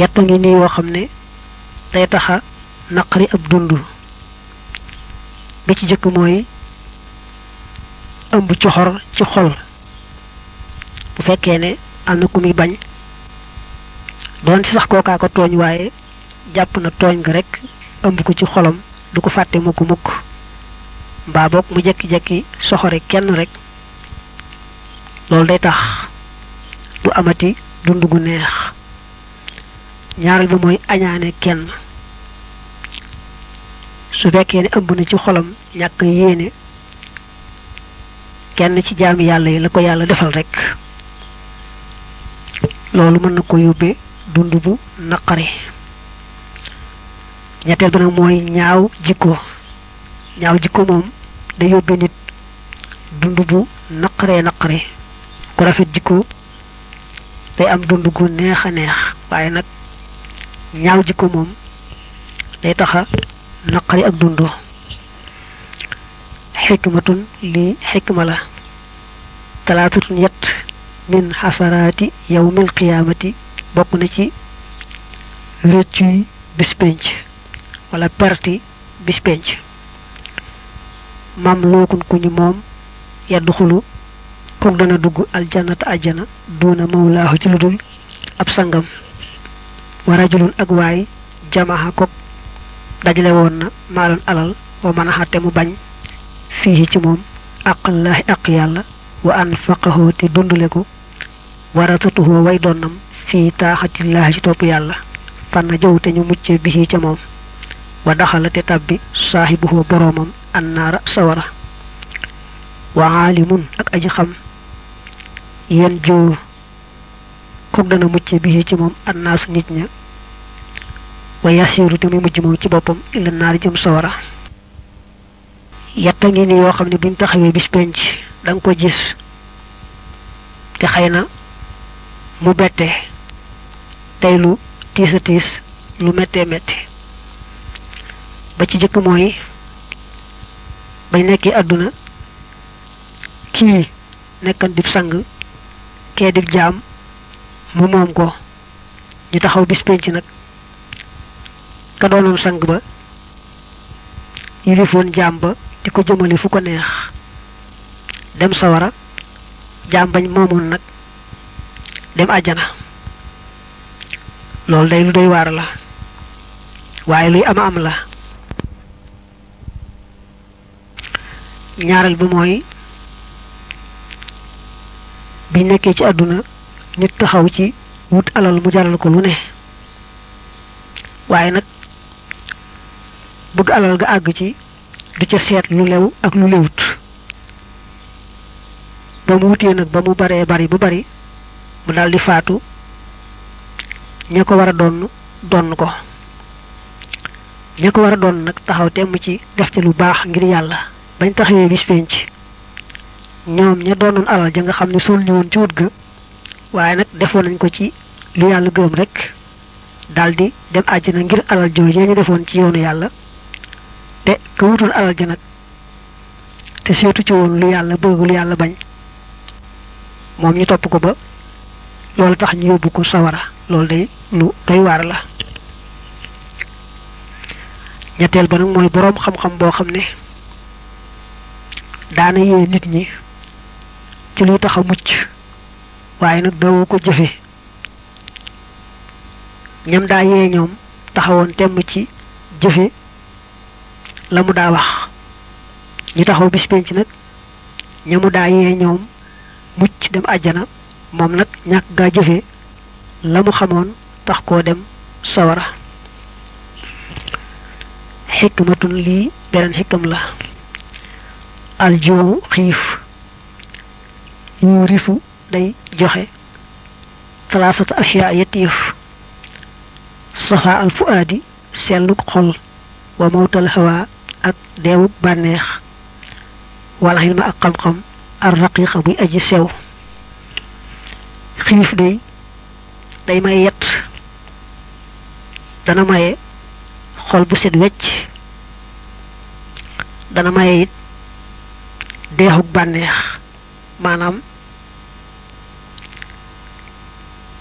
yetta ngi nii yoo xam ne day taxa naqari ab dund bi ci jëkk mooy ëmb coxor ci xol bu fekkee ne am na ku muy bañ doon ci sax kookaa tooñ waaye jàpp na tooñ gi rekk ëmb ko ci xolam du ko fàtte mukk mukk mbaa boog mu jekki-jekki soxore kenn rek loolu day tax du amati dund gu neex ñaareel bi mooy añaane kenn su fekkee ne ëmb na ci xolam ñàkk yéene kenn ci jaami yàlla yi la ko yàlla defal rekk loolu mën na ko yóbbee dund bu naqari ñetteel bi nag ñaaw jikko ñaaw jikko moom day yóbbee dund bu naqaree naqari ku rafet jikko day am dund gu neex a neex waaye nag ñaaw jikko moom day taxa naqari ak dund xikmatun li xikma la talaatatun yett min xasaraati yawmil qiyaamati bokk na ci rëccu yi wala perti bispenc penc maam lookun ku ñu moom yaddu xulu kook dana dugg aljannata ajjana duuna mawlaahu ci lu dul ab sangam wa rajulun ak waay jamaha ko dajale woon na maalan alal wa manaxate mu bañ fii ci moom aqallaahi aq yàlla wa anfaqahu te dundale ko warasatuhu way doonnam fii taaxatillaahi ci topp yàlla fan na jaww te ñu mucce bihi ca moom wa daxala te tàbbi saaxibuhu boroomam annaara sawara wa aalimun ak aji xam yen joo xog a mucc bi ci moom annaasu nit ña wa yasiru moom ci boppam illa naar jëm sawara yetta ngi ni yoo xam ne buñ taxawee bis penc da nga ko gis te xëy na mu bette tey lu tiis tiis lu méttee métti ba ci jëkk mooy bañ nekki àdduna kii nekkan dib sang kee dib jaam mu moom ko ñu taxaw bis nag ka doonoon sang ba yilifoon jaam ba di ko jëmale fu ko neex dem sawara jaam bañ moomoon nag dem àjjana loolu day lu doy waar la waaye luy ama am la ñaareel bi mooy biñ nekkee ci àdduna nit taxaw ci wut alal mu jaral ko lu ne waaye nag bëgg alal ga àgg ci du ca seet lu lew ak lu lewut ba mu wutee nag ba mu baree bari bu bari mu daldi faatu ña ko war a doon donn ko ña ko war a doon nag taxaw temm ci def ci lu baax ngir yàlla bañ taxawee bis penc ñoom ña doon alal ja nga xam ne sol ni woon ci wut ga waaye nag defoon nañ ko ci lu yàlla gërëm rek daldi dem àjjana ngir alal joojee ñu defoon ci yoonu yàlla te ku wutoon alal ja nag te seetu ci woon lu yàlla bëgg lu yàlla bañ moom ñu topp ko ba loolu tax ñu yóbbu ko sawara loolu day lu doy waar la ñetteel ba nag mooy boroom xam-xam boo xam ne daana yee nit ñi ci luy tax a mucc waaye nag dawoo ko jëfe ñam daa yee ñoom taxawoon temm ci jëfe la mu daa wax ñu taxaw bis penc nag ñamu daa yee ñoom mucc dem àjjana moom nag ñàkk gaa jëfe la mu xamoon tax koo dem sawara xikmatun lii beneen xikam la aljoow xiif yuurisu day joxe talaasata asiyaa yetti yëf safa al fuaadi selluk xol wa mawtal hawa ak deewuk bànneex wala xilma ak xam-xam ar raqiqa buy aji sew xiif day day may yet dana maye xol bu set wecc dana maye it deexuk bànneex maanaam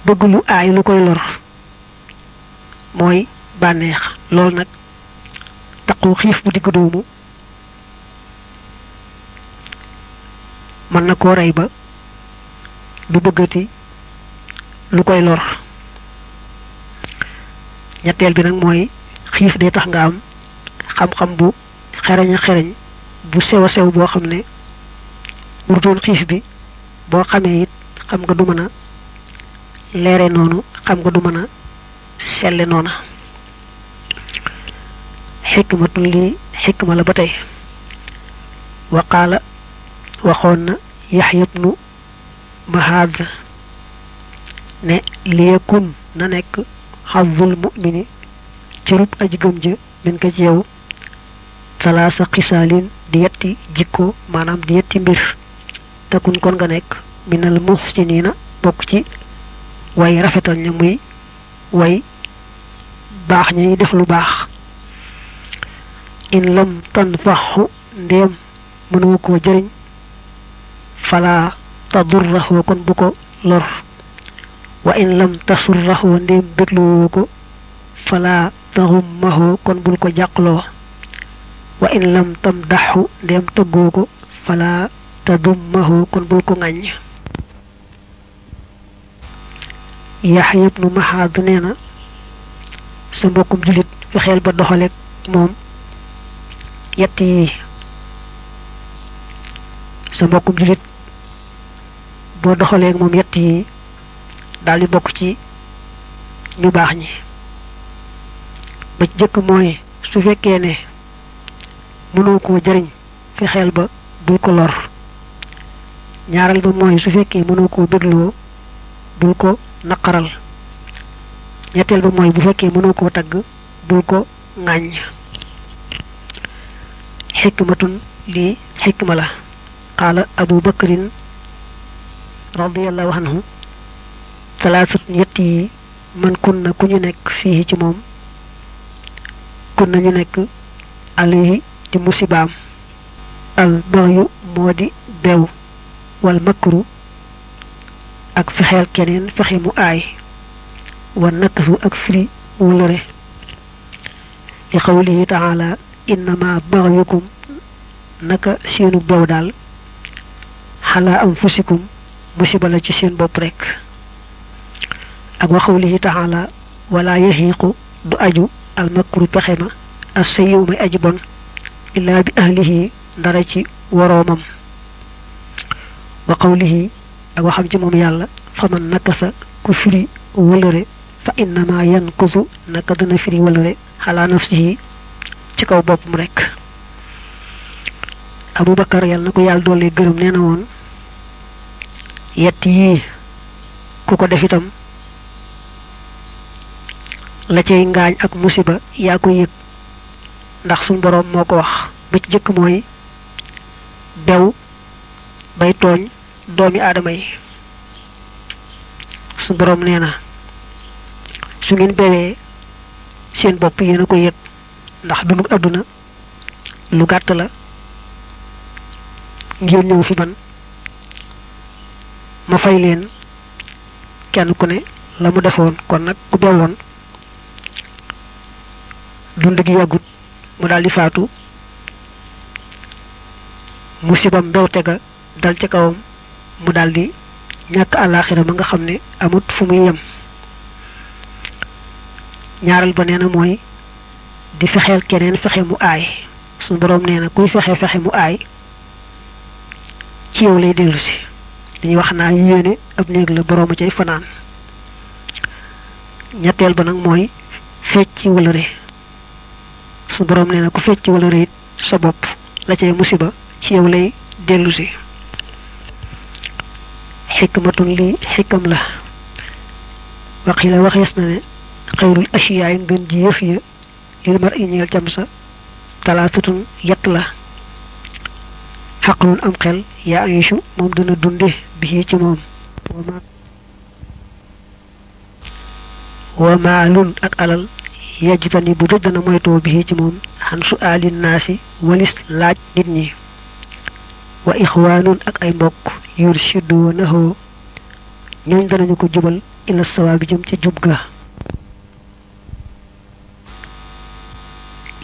bëgg lu aay lu koy lor mooy bànneex loolu nag taqu xiif bu digg doomu mën na koo rey ba du bëggati lu koy lor ñetteel bi nag mooy xiif dee tax nga am xam-xam bu xereñ a xereñ bu sew a sew boo xam ne wurdoon xiif bi boo xamee it xam nga du mën a leere noonu xam nga du mën a selle noona xikmatun lii xikma la ba tey wa waxoon na yaxya bnu mahaad ne liyakun na nekk xaddul mumini cërub aj gëm ja min ko ci yow salaasa xisaalin di yetti jikko maanaam di yetti mbir takun kon nga nekk na minal muxsiniina bokk ci way rafetal ña muy way baax ñi def lu baax in lam tanfaxu ndéem mënuwu koo jëriñ falaa tadurrahu kon bu ko lor wa in lam tasurrahu ndéem bégluwoo ko fala taxummahu kon bul ko jàqloo wa in lam tamdaxu ndéem tëggoo ko fala tadummahu kon bul ko ŋàññ yaxya ibnu mahaad nee na sa mbokkum jullit fexeel ba doxaleeg moom yett yi sa mbokkum jullit boo doxaleeg moom yett yi daal bokk ci ñu baax ñi ba ci jëkk mooy su fekkee ne mënoo ko jariñ xel ba bul ko lor ñaaral ba mooy su fekkee mënoo koo bégloo bul ko naqaral ñetteel ba mooy bu fekkee mënoo koo tagg bul ko ŋàññ xikmatun lii xikma la qaala abu bakrin radiallahu anhu talaasatun yett yi man kun na ku ñu nekk fii ci moom kun na ñu nekk alayhi di musibaam al baxyu moo di bew wal makru ak fexeel keneen fexe mu aay wa naksu ak firi wulëre li xawlihi taala innama baxyukum naka seenu bow daal xalaa am fusikum musiba la ci seen bopp rekk ak wa xawlihi taala wala yaxiiqu du aju almakru pexe ma as sa yiw may aji bon illaa bi ahlihi ndara ci woroomam wa qawlihi ak waxam ci moom yàlla fa man nakasa ku firi wëlëre fa innama yankusu naka dana firi wëlëre xalaa nafsihi ci kaw boppam rek Abubakar yàlla na ko yàlla doole gërëm nee na woon yett yii ku ko def itam la cay ngaañ ak musiba yaa ko yëg ndax suñ boroom moo ko wax ba ci jëkk mooy bew bay tooñ doomi aadama yi su boroom nee na su ngeen bewee seen bopp yéen ko yëg ndax dunu àdduna lu gàtt la ngeen ñëw fi man ma fay leen kenn ku ne la mu defoon kon nag ku bewoon dund gi yàggut mu daldi faatu musibam mbewte ga dal ca kawam mu daldi ñàkk àllaaxira ma nga xam ne amut fu muy yem ñaaral ba nee na mooy di fexeel keneen fexe mu aay suñu boroom nee na kuy fexe fexe mu aay ci yow lay dellusi dañuy wax naa yéene ab néeg la boroom a cay fanaan ñetteel ba nag mooy fecc wala ré suñu boroom nee ku fecc wala ré sa bopp la cay musiba ci yow lay dellusi xikmatun li xikam la waxi la waxees na ne xayrul asiyaa ngën ji yëf ya lil mar i ñeel yett la xaqlun am xel yaa ayichu moom dana dunde bi ci moom wa maalun ak alal yejjitani bu dul dana moytoo bi ci moom xan su aalin naasi walis laaj nit ñi wa ixwaanun ak ay mbokk yurshidunahu ñooñ danañu ko jubal ila sawaabi jëm ca jub ga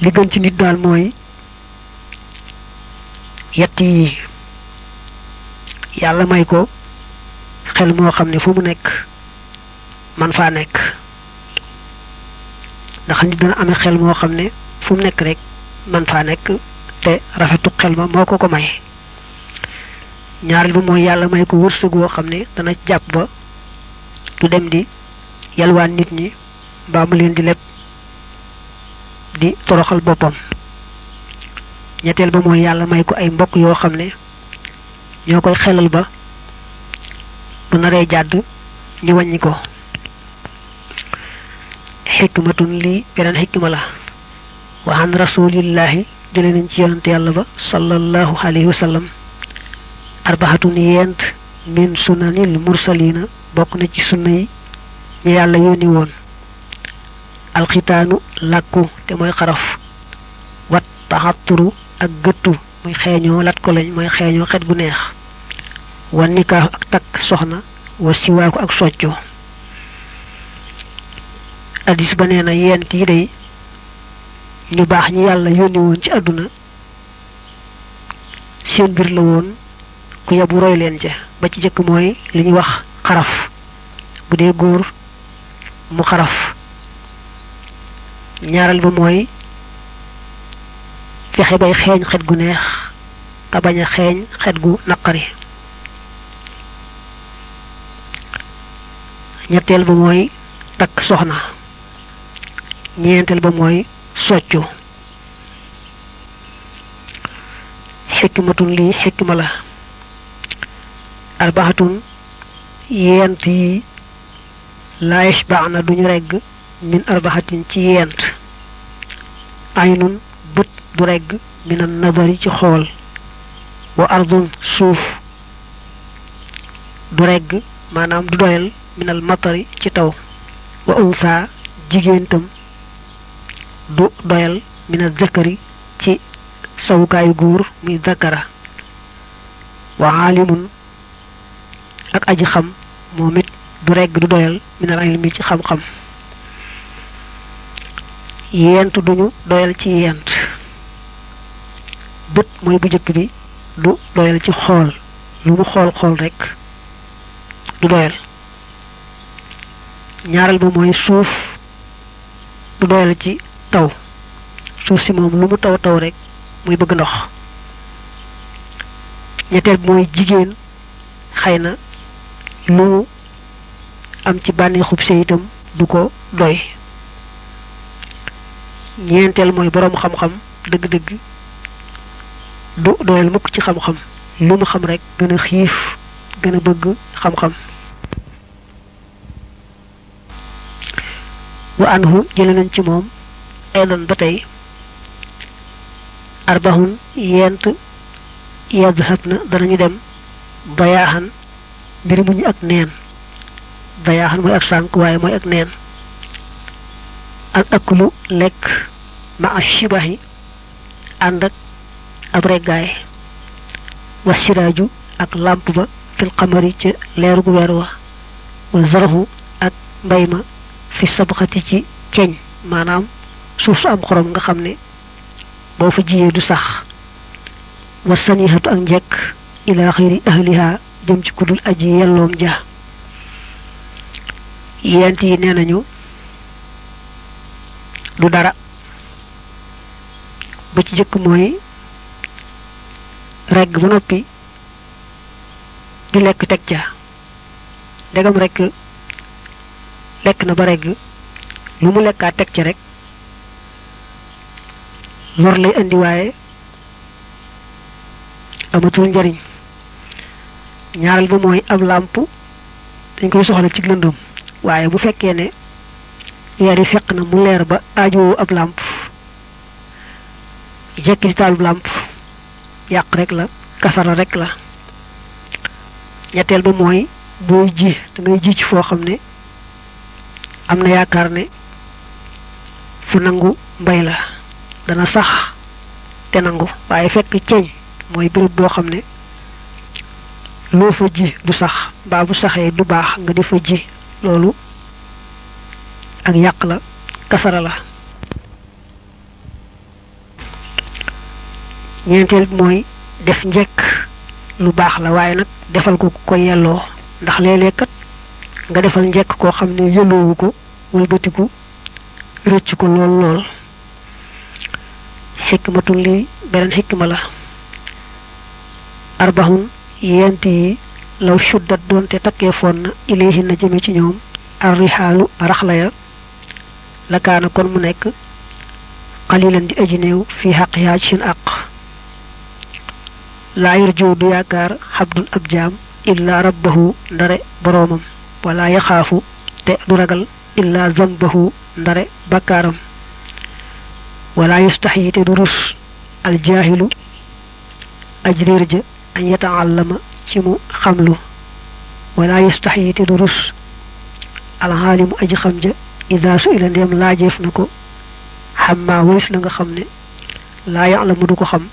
li gën ci nit daal mooy yett yi yàlla may ko xel moo xam ne fu mu nekk man faa nekk ndax nit dana ame xel moo xam ne fu mu nekk rek man faa nekk te rafetu xel ma moo ko ko may ñaareel bi mooy yàlla may ko wërsëg woo xam ne dana jàpp ba du dem di yalwaan nit ñi mbaa mu leen di leb di toroxal boppam ñetteel ba mooy yàlla may ko ay mbokk yoo xam ne ñoo koy xelal ba bu naree jàdd ñu wàññi ko xikmatun li beneen xikma la wa an rasulillahi jële ci yonante yàlla ba sallallahu alayhi wa sallam arbaxatun yent min sunanil mursalina bokk na ci sunna yi ñu yàlla yónni woon alxitaanu làkku te mooy xaraf wat taxatturu ak gëtu muy xeeñoo lat ko lañ mooy xeeñoo xet gu neex wa ak takk soxna wa siwaaku ak soccoo addis ba nee na yent yi day ñu baax ñi yàlla yónni woon ci àdduna seen mbir la woon ku yebu roy leen ja ba ci jëkk mooy li ñuy wax xaraf bu dee góor mu xaraf ñaareel ba mooy fexe bay xeeñ xet gu neex te bañ a xeeñ xet gu naqari ñetteel ba mooy takk soxna ñeenteel ba mooy soccu xikmatun lii xikma la arbaxatun yent yi laa na duñu regg min arbaxatin ci yent aynun bët du regg min an nadari ci xool wa ardun suuf du regg maanaam du doyal min al matari ci taw wa unsa jigéen tam du doyal min al zakari ci sowukaayu guur muy zakara wa aalimun ak aji xam moom it du regg du doyal minal ilmi ci xam-xam yent duñu doyal ci yent bët mooy bu jëkk bi du doyal ci xool lu mu xool xool rekk du doyal ñaareel ba mooy suuf du doyal ci taw suuf si moom lu mu taw taw rekk mooy bëgg ndox ñetteel mooy jigéen xëy na lu am ci bànneexub sëy itam du ko doy ñeenteel mooy boroom xam-xam dëgg-dëgg du doyal mukk ci xam-xam lu xam rek gën xiif gën a bëgg xam-xam wa anhu jële nañ ci moom aydan ba tey arbahun yent yadhab na danañu dem bayaaxan mbiri muñ ak neen dayaaxan mooy ak sànq waaye mooy ak neen al aklu lekk ma a shibahi ànd ak ab reggaay wa siraaju ak làmp ba fil xamari ca leeru gu weer wa wa zarahu ak mbay ma fi sabxati ci ceeñ maanaam suuf su am xorom nga xam ni boo fa jiyee du sax wa sanihatu ak njekk ila xayri ahliha jëm ci kudul aji yelloom ja yent yi nee nañu du dara ba ci jëkk mooy regg ba noppi di lekk teg ca ndegam rekk lekk na ba regg lu mu lekkaat teg ca rek lor lay indi waaye amatul njariñ ñaareel ba mooy ab làmp dañ koy soxla ci lëndëm waaye bu fekkee ne weer yi fekk na mu leer ba aajowoo ab làmp jekki di taalub làmp yàq rek la kasara rekk la ñetteel ba mooy booy ji da ji ci foo xam ne am na yaakaar ne fu nangu mbay la dana sax te nangu waaye fekk ceeñ mooy béréb boo xam ne loo fa ji du sax mbaa bu saxee du baax nga di fa ji loolu ak yàq la kasara la ñeenteel mooy def njëkk lu baax la waaye nag defal ko ko yelloo ndax léeg-léeg nga defal njëkk koo xam ne yëloowu ko wëlbatiku rëcc ko lool lool xikmatul li beneen xikma la arbahun yent yi law suddat doonte takkee foon na ilayhi na jëme ci ñoom arrixaalu raxla ya lakaana kon mu nekk xalilan di aji néew fii xaq yaa ci seen àq laa yarju du yaakaar xabdun ab jaam illaa rabbahu ndare boroomam wala yaxaafu te du ragal illaa zambahu ndare bakkaaram wala yustaxyi te du rus aljaahilu aj réer ja an yataallama ci mu xamlu wala yastaxyi te du rus alxaalimu aji xam ja ida su ila ndeem laajeef na ko xammaa walis la nga xam ne laa ya'lamu du ko xam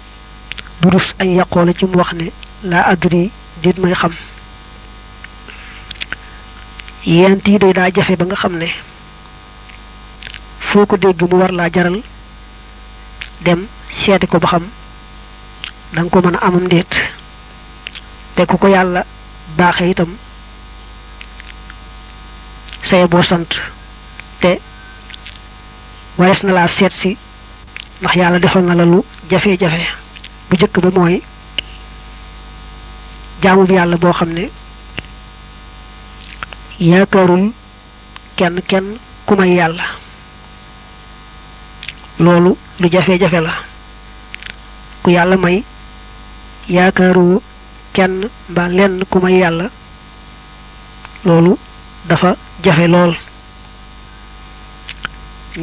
du rus an yaqoola ci mu wax ne laa adri déet may xam yent yi doy daa jafe ba nga xam ne foo ko dégg mu war laa jaral dem seeti ko ba xam danga ko mën a amam ndéet te ku ko yàlla baaxee itam saye boo sant te warees na laa seetsi ndax yàlla defal na la lu jafe-jafe bu jëkk ba mooy jaamu bi yàlla boo xam ne yaakaarul kenn kenn ku may yàlla loolu lu jafe-jafe la ku yàlla may yaakaaru kenn mbaa lenn ku may yàlla loolu dafa jafe lool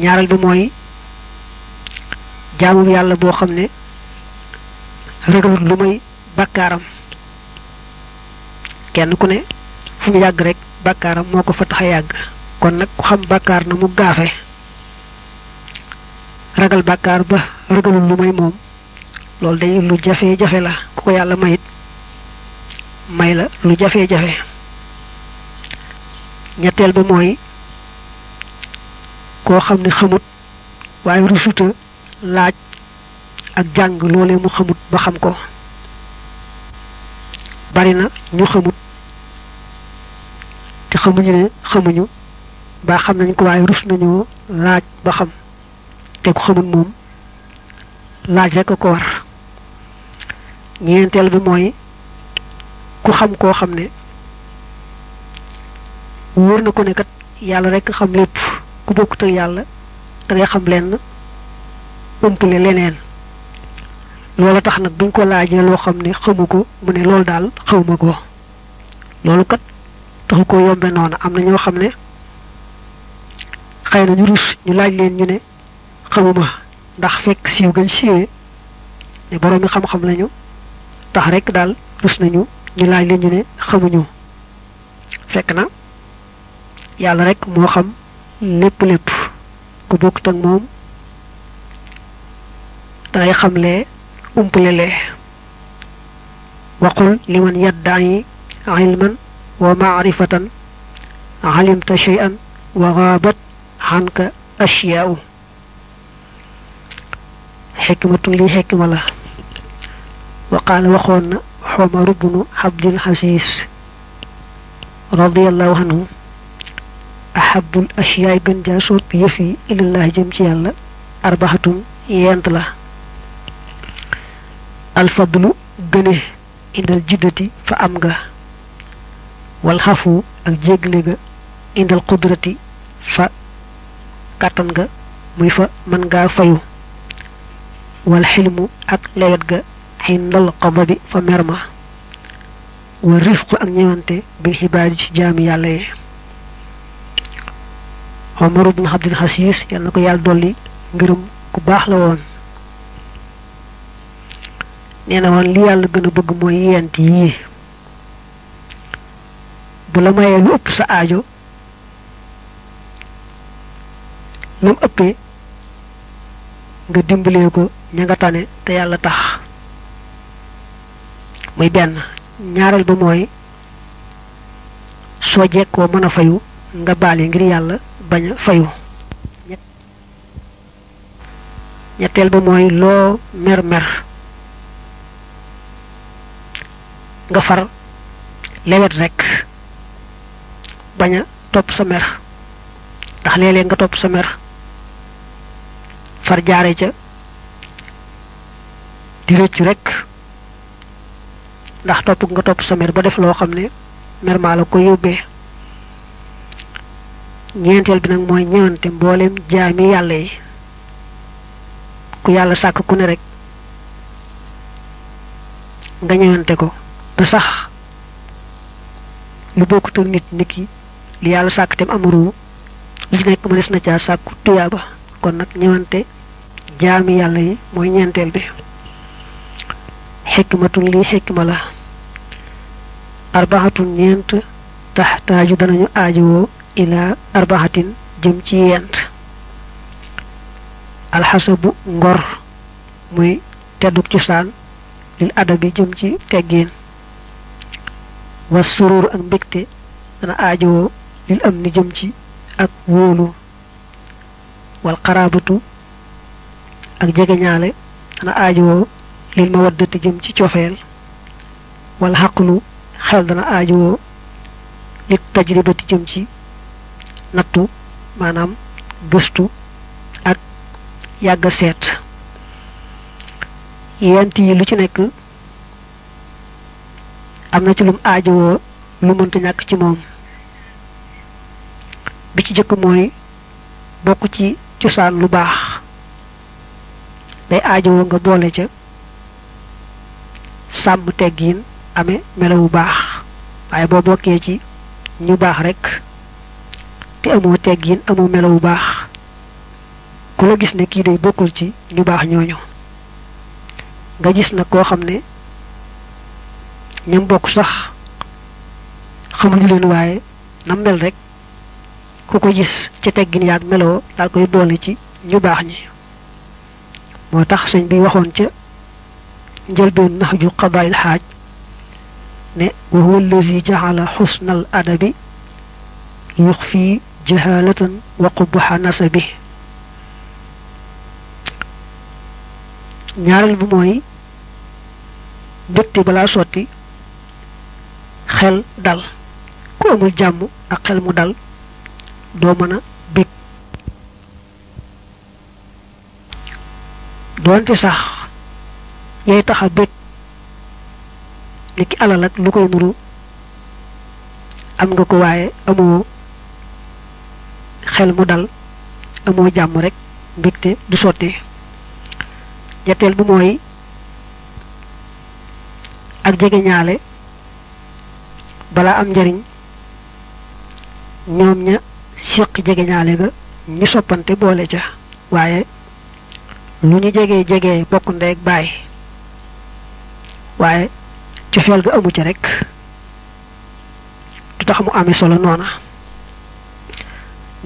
ñaareel bi mooy jaamum yàlla boo xam ne ragalut lu may bàkkaaram kenn ku ne fu mu yàgg rek bàkkaaram moo ko fa tax a yàgg kon nag ku xam bàkkaar na mu gaafe ragal bàkkaar ba ragalul lu may moom loolu day lu jafe-jafe la ku ko yàlla mayit may la lu jafe-jafe ñetteel bi mooy koo xam ne xamut waaye rusuta laaj ak jàng loole mu xamut ba xam ko bari na ñu xamut te xamuñu ne xamuñu ba xam nañ ko waaye rus nañu laaj ba xam te ku xamut moom laaj rekk a ko war ñeenteel bi mooy ku xam koo xam ne wóor na ko ne kat yàlla rek xam lépp ku bokkut ak yàlla dangay ngay xam lenn umpale leneen loola tax nag buñ ko laajee loo xam ne xamu ko mu ne loolu daal xawma ko loolu kat taxu ko yombe noonu am na ñoo xam ne xëy na rus ñu laaj leen ñu ne xamuma ndax fekk siiw gën siiwee ne boroomi xam-xam lañu tax rekk daal rus nañu ñu laaj leen ñu ne xamuñu fekk na yàlla rek moo xam lépp lépp ku bokkut ak moom dangay xamle umpulele waqul liman yadda'i ilman wa ma'rifatan alimta shay'an wa ghabat anka ashyaa'u xikmatu li xikma la wa qaala waxoon na Xomar ibnu Abdil Aziz am nga wal xafu ak jégle ga indal qudrati fa kàttan ga muy fa mën ngaa fayu wal xilmu ak lewet ga xindal qadabi fa mer ma wa rifqu ak ñëwante bil xibaari ci jaami yàlla yi Omar ibn Abdul Xasiis yal ko yàlla dolli ngërëm ku baax la woon nee na li yàlla gën a bëgg mooy yent yii bu la mayee lu ëpp sa aajo lam ëppee nga dimbalee ko ña te yàlla tax muy benn ñaareel ba mooy soo jekkoo mën a fayu nga baale ngir yàlla bañ a fayu ñetteel ba mooy loo mer-mer nga far lewet rekk bañ a topp sa mer ndax léeg-léeg nga topp sa mer far jaare ca di rëcc rekk ndax topp nga topp sa mer ba def loo xam ne mer maa la ko yóbbee ñeenteel bi nag mooy ñëwante mboolem jaami yàlla yi ku yàlla sàkk ku ne rek nga ñëwante ko ba sax lu bokkut ak nit nit ki li yàlla sàkk tem amuru li nekk mënees na caa sàkku tuyaaba kon nag ñëwante jaami yàlla yi mooy ñeenteel bi xikmatul lii xikma la arbaxatun ñeent taxtaaju danañu aajowoo ilaa arbaxatin jëm ci yent alxasabu ngor muy tedduk cosaan lil adabi jëm ci teggiin was suruur ak mbégte dana aajowoo lil am ni jëm ci ak wóolu wal xaraabatu ak jegeñaale dana aajowoo lil mawaddati jëm ci cofeel wal xaqlu xel dana aajowoo li tajribati jëm ci nattu maanaam gëstu ak yàgg seet yent yi lu ci nekk am na ci lum aajowoo lu mënta ñàkk ci moom bi ci jëkk mooy bokk ci cosaan lu baax day aajowoo nga doole ca sàmm teggiin amee melawu baax waaye boo bokkee ci ñu baax rekk te amoo teggin amoo melawu baax ku la gis ne kii day bokkul ci ñu baax ñooñu nga gis na koo xam ne ñam bokk sax xamuñu leen waaye nam mel rek ku ko gis ci teggin yaag meloo daal koy boole ci ñu baax ñi moo tax sëñ bi waxoon ca njëlbeen nax ju xadaayil xaaj ne wa huwa allazi jaxala xusnal adabi yuxfi jahalatan wa qubha nasabi ñaareel bi mooy mbégte balaa sotti xel dal ku amul jàmm ak xel mu dal doo mën a doonte sax yay tax a ni ki alal ak lu koy nuru am nga ko waaye amoo xel mu dal amoo jàmm rekk mbégte du sotti ñetteel bi mooy ak jege ñaale balaa am njariñ ñoom ña siq jege ñaale ñu soppante boole ca waaye lu ñu jege jege bokk ndeeg bàyyi waaye cofeel ga amu ca rek du tax mu amee solo noona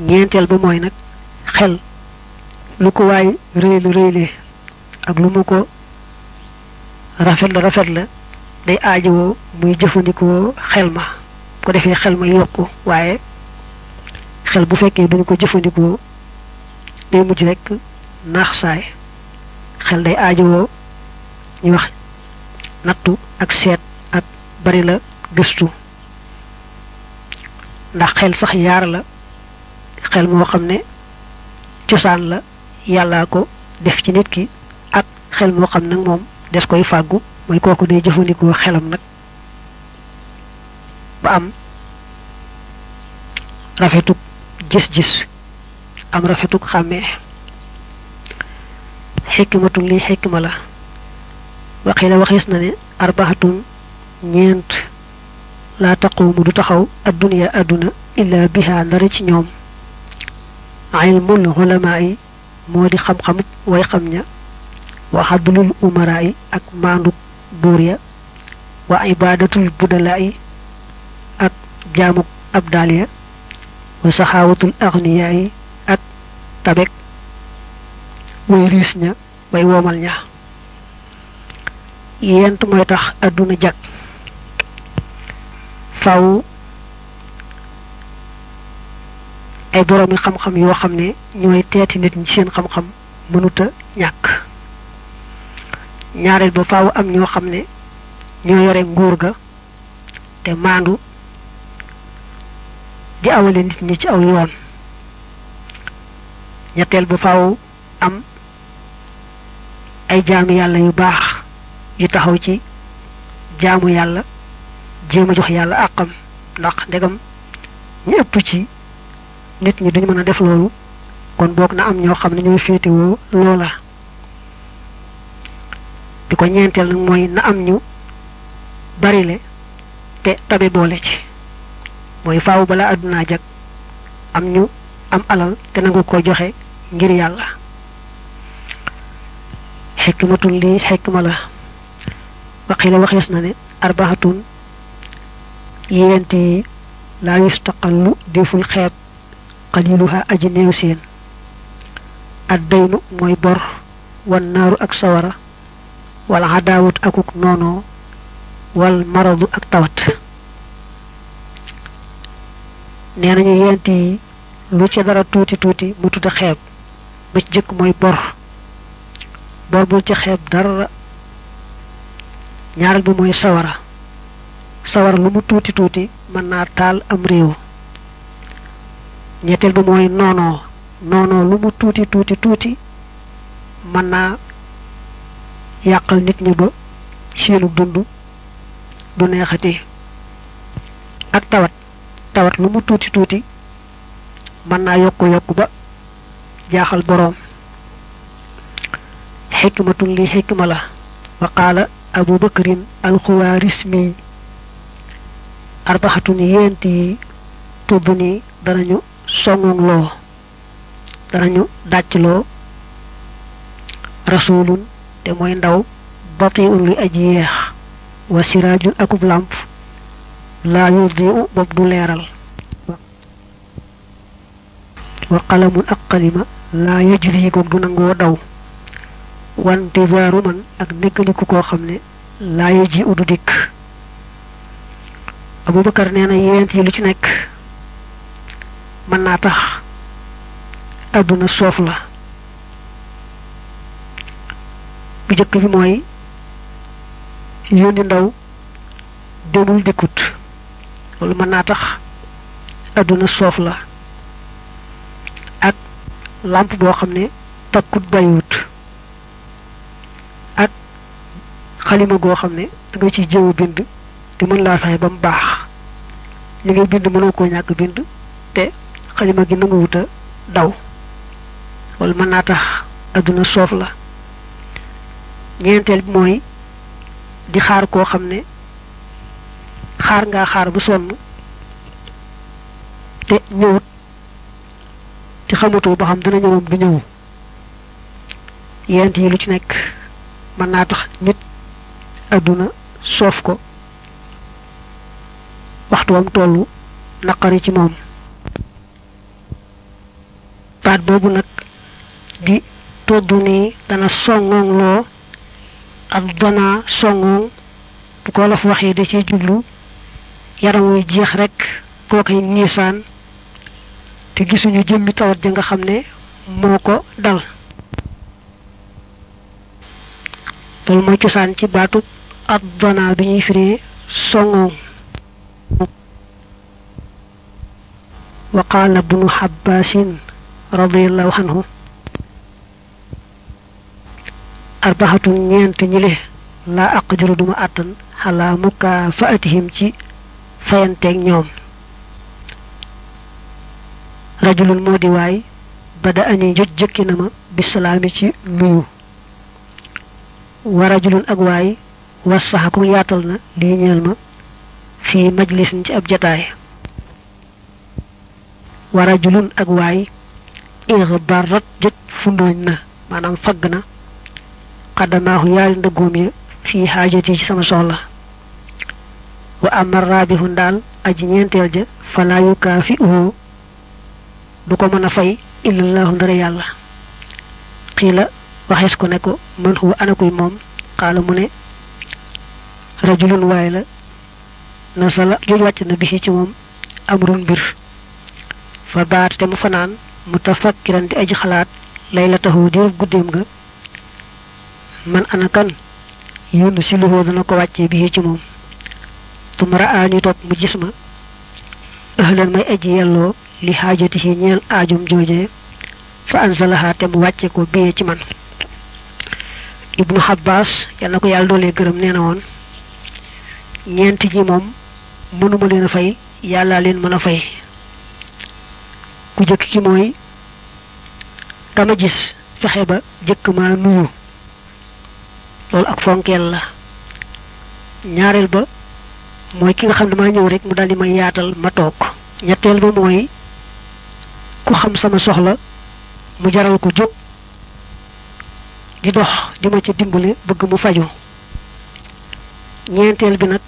ñeenteel ba mooy nag xel lu ko waay rëylu rëyle ak lu mu ko rafet la rafet la day aajowoo muy jëfandikoo xel ma ko defee xel ma yokku waaye xel bu fekkee duñu ko jëfandikoo day mujj rek naax saay xel day aajowoo ñu wax nattu ak seet ak bari la gëstu ndax xel sax yaar la xel moo xam ne cosaan la yàllaa ko def ci nit ki ak xel moo xam nag moom des koy fàggu mooy kooku day jëfandikoo xelam nag ba am rafetuk gis-gis am rafetuk xàmmee xikmatu lii xikma la waxila waxees na ne arbaxatun ñeent laa taquumu du taxaw adduniya adduna illa biha ndara ci ñoom ilmul xulamaa yi moo di xam-xamub way xam ña wa xadlul umaraa yi ak maanduk buur ya wa ibaadatul budalaa ak jaamuk abdaal ya wa saxaawatul agniyaa ak tabek way riis ña way woomal ña yent mooy tax àdduna jag faw ay boroomi xam-xam yoo xam ne ñooy teeti nit ñi seen xam-xam mënuta ñàkk ñaareel ba faaw am ñoo xam ne ñu yore nguur ga te maandu di awale nit ñi ci aw yoon ñetteel ba faaw am ay jaami yàlla yu baax yu taxaw ci jaamu yàlla jéem a jox yàlla àqam ndax ndegam ñu ëpp ci nit ñi duñu mën a def loolu kon boog na am ñoo xam ne ñooy féetewoo loola bi ko ñeenteel nag mooy na am ñu barile te tabe boole ci mooy faaw balaa àddunaa jag am ñu am alal te nangu ko joxe ngir yàlla xikmatul lii xikma la waqila waxees na ne arbaatun yent yi laa yustaqallu deful xeeb qaliluha aji néew seen ad daynu mooy bor wan naaru ak sawara wal adaawat akuk noonoo wal maradu ak tawat nee nañu yent yi lu ci dara tuuti tuuti mu tudda xeeb ba ci jëkk mooy bor bor bul ci xeeb dara ñaaral bi mooy sawara sawara lu mu tuuti tuuti mën naa taal am réew ñetteel bi mooy noonoo noonoo lu mu tuuti tuuti man naa yàqal nit ñi ba seenu dund du neexati ak tawat tawat lu mu tuuti tuuti mën naa yokku yokku ba jaaxal boroom xikmatun li xikma la wa qaala abu bakrin alxuwaarismi arbaxatun yéent yi tubb ni danañu songungloo danañu dàccloo rasulun te mooy ndaw bati un aji yeex wa siraajun akub làmp laa yurdi u bopp du leeral wa qalamun ak qalima laa yajri goog du nangoo daw wante zaaru man ak nekkaliku koo xam ne laa laayu ji udu dikk abubakar nee na yeent yi lu ci nekk man naa tax àdduna soof la bu jëkk bi mooy di ndaw demul dikkut loolu man naa tax àdduna soof la ak làmp boo xam ne takkut bàyyiwut xalima goo xam ne da nga ciy jëwu bind te mën laa fexe ba mu baax li ngay bind mënoo koo ñàkk bind te xalima gi nangu wuta daw wala mën naa tax àdduna soof la ñeenteel bi mooy di xaar koo xam ne xaar ngaa xaar bu sonn te ñëwut te xamatoo ba xam dina ñëwam du ñëw yent yi lu ci nekk mën naa tax nit àdduna soof ko waxtu wam tollu naqari ci moom baat boobu nag di todd ni dana songoŋ loo ak dana songoŋ bu ko laf waxee da ci jublu yaram wuy jeex rekk kookay niisaan te gisuñu jëmmi tawat ja nga xam ne moo ko dal loolu mooy cosaan ci baatub ab dona bi ñuy firee songoom wa qaala bnu xabbaasin radiallahu anhu arbaxatun ñeent ñile laa aqdiru duma àttan xalaa mukaafaatihim ci fayanteeg ñoom rajulun moo waay bada jot jëkki na ma bisalaami ci nuyu wa rajulun ak waay wassaxa ku yaatal na lii ñeel ma fii majlisin ci ab jataay wa rajulun ak waay ixbarat jot fundooñ na maanaam fagg na xaddamaahu yaari ndëggoom ya fii xaajati ci sama soxla wa ama raabihu ndaal aji ñeenteel ja falaa yukaafi uhu du ko mën a fay illallahu ndara yàlla xii la waxees ko ne ko man huwa anakuy moom xaala ne rajulun waay la nasala juñ wàcc na bisi ci moom amrun mbir fa baat te mu fanaan mu tafakkiran di aj xalaat laylatahu diirub guddeem nga man ana kan yónn si luxoo ko wàccee bi ci moom tumara a ñu topp mu gis ma ahlan may aji yelloo li xaajatihi ñeel aajum joojee fa ansalaha te mu wàcce ko biyee ci man ibnu xabbaas yal na ko yàlla doolee gërëm nee na woon ñeent ñi moom mënuma leen a fay yàlla leen mën a fay ku jëkk ki mooy kama gis fexe ba jëkk ma nuyu loolu ak fonkeel la ñaareel ba mooy ki nga xam ne ñëw rek mu daldi ma yaatal ma toog ñetteel ba mooy ku xam sama soxla mu jaral ko jóg di dox di ma ca dimbale bëgg mu faju ñeenteel bi nag